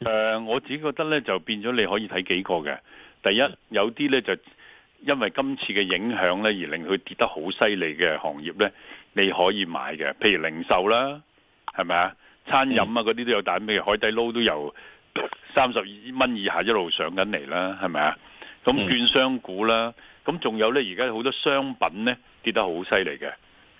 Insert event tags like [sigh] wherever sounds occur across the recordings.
誒、呃，我只覺得咧，就變咗你可以睇幾個嘅。第一，有啲咧就因為今次嘅影響咧，而令佢跌得好犀利嘅行業咧，你可以買嘅。譬如零售啦，係咪啊？餐飲啊，嗰啲都有打，譬如海底撈都由三十二蚊以下一路上緊嚟啦，係咪啊？咁券商股啦，咁仲有咧，而家好多商品咧跌得好犀利嘅。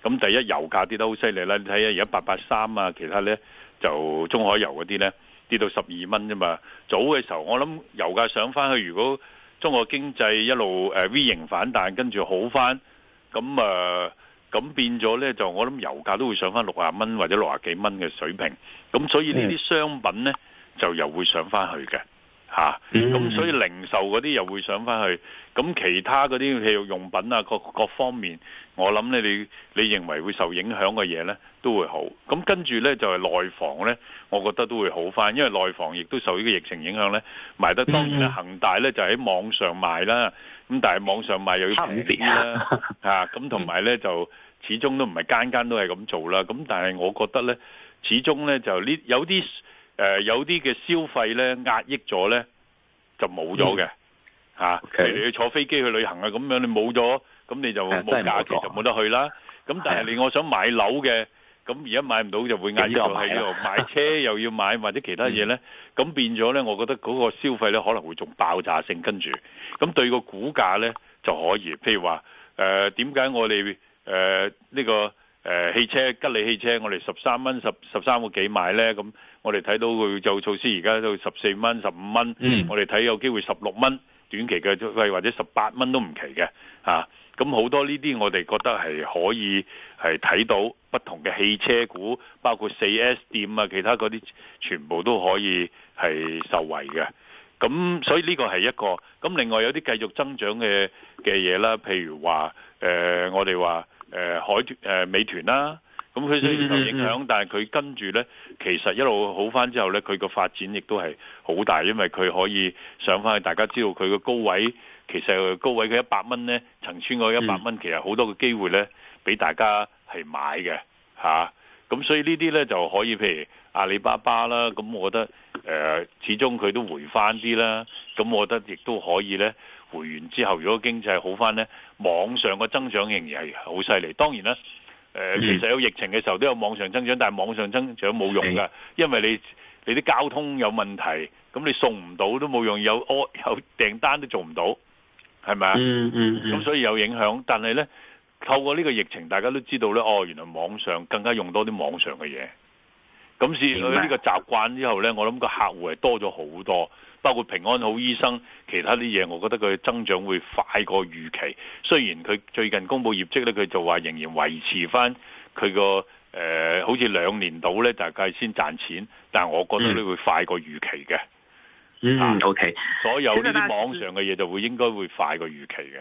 咁第一油價跌得好犀利啦，你睇下而家八八三啊，其他咧就中海油嗰啲咧。跌到十二蚊啫嘛，早嘅時候我諗油價上翻去，如果中國經濟一路誒 V 型反彈，跟住好翻，咁啊咁變咗呢，就我諗油價都會上翻六十蚊或者六十幾蚊嘅水平，咁所以呢啲商品呢，就又會上翻去嘅。嚇，咁、啊、所以零售嗰啲又會上翻去，咁其他嗰啲體育用品啊，各各方面，我諗咧你你認為會受影響嘅嘢咧都會好，咁跟住咧就係、是、內房咧，我覺得都會好翻，因為內房亦都受呢個疫情影響咧，賣得當然啦，恒大咧就喺網上賣啦，咁但係網上賣又要平啲啦，嚇、 [laughs] 啊，咁同埋咧就始終都唔係間間都係咁做啦，咁但係我覺得咧，始終咧就呢有啲。誒、呃，有啲嘅消費咧壓抑咗咧，就冇咗嘅，嚇。你你坐飛機去旅行啊，咁樣你冇咗，咁你就冇價錢，就冇得去啦。咁但係你我想買樓嘅，咁而家買唔到就會壓抑咗喺呢度。買，買車 [laughs] 又要買或者其他嘢咧，咁、嗯、變咗咧，我覺得嗰個消費咧可能會仲爆炸性，跟住咁對個股價咧就可以。譬如話，誒點解我哋誒呢個？誒汽車吉利汽車，我哋十三蚊十十三個幾買呢，咁我哋睇到佢做措施，而家都十四蚊、十五蚊，我哋睇有機會十六蚊，短期嘅或者十八蚊都唔奇嘅嚇。咁好多呢啲我哋覺得係可以係睇到不同嘅汽車股，包括四 S 店啊，其他嗰啲全部都可以係受惠嘅。咁所以呢個係一個。咁另外有啲繼續增長嘅嘅嘢啦，譬如話誒，我哋話。誒、呃、海誒、呃、美團啦、啊，咁佢雖然受影響，但係佢跟住咧，其實一路好翻之後咧，佢個發展亦都係好大，因為佢可以上翻去。大家知道佢個高位，其實高位佢一百蚊咧，曾穿過一百蚊，其實好多個機會咧，俾大家係買嘅嚇。咁、啊、所以這些呢啲咧就可以，譬如阿里巴巴啦，咁我覺得誒、呃，始終佢都回翻啲啦。咁我覺得亦都可以咧。回完之後，如果經濟好返呢，網上個增長仍然係好犀利。當然啦、呃，其實有疫情嘅時候都有網上增長，但係網上增長冇用㗎，因為你你啲交通有問題，咁你送唔到都冇用，有安有訂單都做唔到，係咪啊？嗯嗯，咁所以有影響，但係呢，透過呢個疫情，大家都知道呢，哦，原來網上更加用多啲網上嘅嘢。咁試佢呢個習慣之後呢，我諗個客戶係多咗好多，包括平安好醫生其他啲嘢，我覺得佢增長會快過預期。雖然佢最近公佈業績呢，佢就話仍然維持翻佢個誒，好似兩年度呢，大概先賺錢，但係我覺得呢會快過預期嘅。嗯，OK，所有呢啲網上嘅嘢就會應該會快過預期嘅。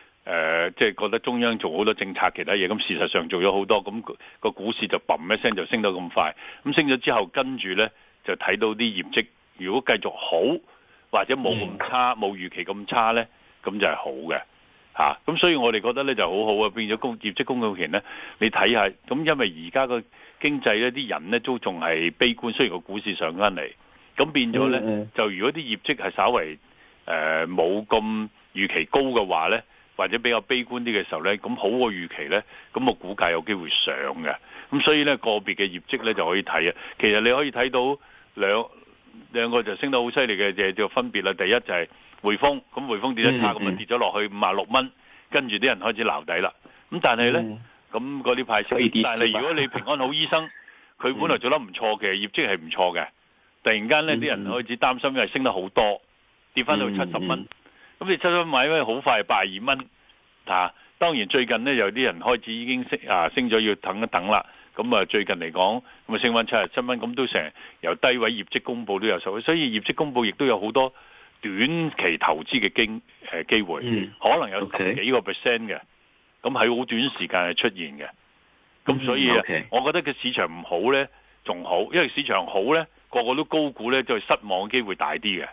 誒，即係、呃就是、覺得中央做好多政策，其他嘢咁，事實上做咗好多，咁、那個股市就砰一聲就升到咁快。咁升咗之後，跟住咧就睇到啲業績。如果繼續好，或者冇咁差，冇、嗯、預期咁差咧，咁就係好嘅吓咁、啊、所以我哋覺得咧就好好啊，變咗業績公告期咧，你睇下。咁因為而家個經濟咧，啲人咧都仲係悲觀，雖然個股市上翻嚟，咁變咗咧、嗯嗯、就如果啲業績係稍為誒冇咁預期高嘅話咧。或者比較悲觀啲嘅時候呢，咁好過預期呢，咁我估計有機會上嘅。咁所以呢，個別嘅業績呢就可以睇啊。其實你可以睇到兩兩個就升得好犀利嘅嘢，就係、分別啦。第一就係匯豐，咁匯豐跌得差，咁咪、mm hmm. 跌咗落去五啊六蚊，跟住啲人開始撈底啦。咁但係呢，咁嗰啲派息，mm hmm. 但係如果你平安好醫生，佢本來做得唔錯嘅、mm hmm. 業績係唔錯嘅，突然間呢啲、mm hmm. 人開始擔心，因為升得好多，跌翻到七十蚊。Mm hmm. 咁你出咗買咩？好快八二蚊，嚇、啊！當然最近咧有啲人開始已經升，啊升咗要等一等啦。咁啊最近嚟講，咁啊升返七十七蚊，咁都成由低位業績公佈都有收，所以業績公佈亦都有好多短期投資嘅機誒、啊、會，嗯、可能有幾個 percent 嘅，咁喺好短時間係出現嘅。咁所以、嗯 okay. 我覺得嘅市場唔好咧仲好，因為市場好咧個個都高估咧，就失望嘅機會大啲嘅。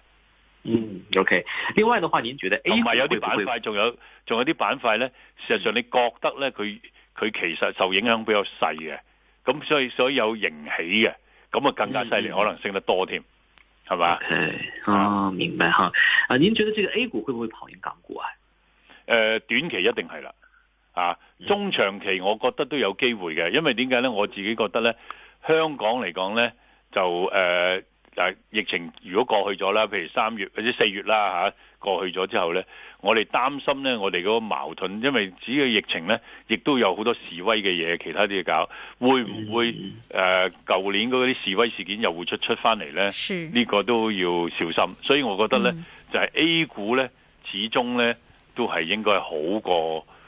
嗯，OK。另外的話，您覺得 A 股有啲板塊，仲有仲有啲板塊咧，事實上你覺得咧，佢佢其實受影響比較細嘅，咁所以所以有型起嘅，咁啊更加犀利，嗯、可能升得多添，係嘛？哦，明白吓。啊，您、啊、覺得即係 A 股會唔會跑贏港股啊？誒、呃，短期一定係啦，啊，中長期我覺得都有機會嘅，因為點解咧？我自己覺得咧，香港嚟講咧，就誒。呃嗱，但係疫情如果過去咗啦，譬如三月或者四月啦嚇，過去咗之後咧，我哋擔心咧，我哋嗰個矛盾，因為只要疫情咧，亦都有好多示威嘅嘢，其他啲嘢搞，會唔會誒、呃、舊年嗰啲示威事件又會出出翻嚟咧？呢是個都要小心。所以我覺得咧，嗯、就係 A 股咧，始終咧都係應該好過。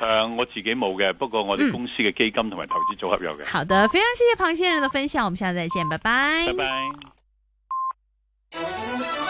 嗯，我自己冇嘅，不過我哋公司嘅基金同埋投資組合有嘅。好的，非常謝謝龐先生嘅分享，我們下次再見，拜拜。拜拜。